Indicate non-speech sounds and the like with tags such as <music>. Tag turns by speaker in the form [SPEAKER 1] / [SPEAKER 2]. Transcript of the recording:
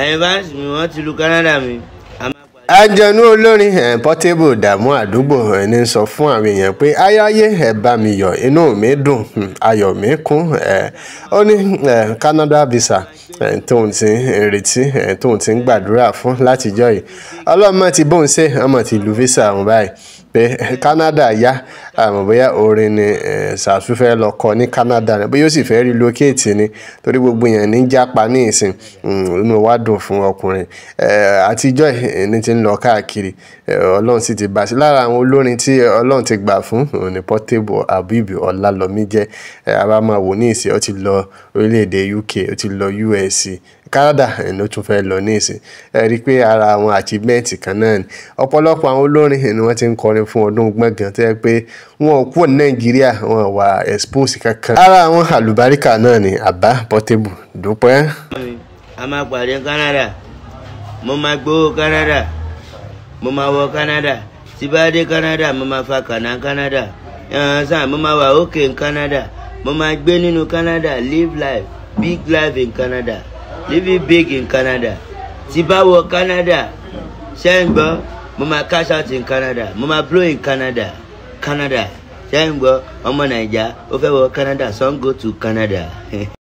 [SPEAKER 1] ẹ̀yin fáǹsì mi wọ́n ti lu Canada mi.
[SPEAKER 2] àjọ̀nú olórin ẹ̀ eh, Portable Dààmú àdúgbò ẹ̀ eh, ní sọ fún àwọn èèyàn pé ayáyé ẹ̀ bá mi yọ̀ inú mi dùn hmm, ayọ̀ mi kún ẹ̀ eh. ó ní Canada visa tóun ti ń retí tóun ti ń gbàdúrà fún látijọ́ yìí ọlọ́mọ ti bóun ṣe ọmọ ti lu visa àwọn báyìí pé Canada yá àmọ́ bóyá orin ni Ṣàṣù fẹ́ lọ kọ ní Canada rẹ̀ bóyá ó sì fẹ́ relocate ni torí gbogbo èèyàn ní jápa ní ìsìn hmm, inú wa dùn fún ọkùnrin àtijọ́ ní ti ń lọ káàkiri ọlọ́run sì ti bá sí lára àwọn olórin tí ọlọ́run ti gbà fún ní Portable Habeeb Ọlálọmí jẹ́ a ní ìsìn ó ti lọ orílẹ̀-èdè UK ó ti lọ US Canada ló tún fẹ́ lọ ní ìsìn ẹ rí i pé ara àwọn achievement kan náà ni ọ̀pọ̀lọpọ̀ àwọn olórin ni wọ́n ti ń kọrin fún ọdún gbọ̀ngàn tó yẹ pé wọn ò kúrò ní Nàìjíríà wọn wà expose kankan ara àwọn àlùbáríkà náà ni àbá Portable dúpẹ́.
[SPEAKER 1] a máa pàdé Canada mo máa gbowó Canada mo máa wọ Canada tí bá dé Canada mo máa fa kànáà Canada ẹ̀hán mo máa wà òkè ní Canada mo máa gbé nínú Canada live life big life in Canada. living big in Canada tí bá wọ Canada ṣe ń gbọ́ mo máa cash out in Canada mo máa blow in Canada Canada ṣe ń gbọ́ ọmọ Naija ó fẹ́ wọ Canada some go to Canada. <laughs>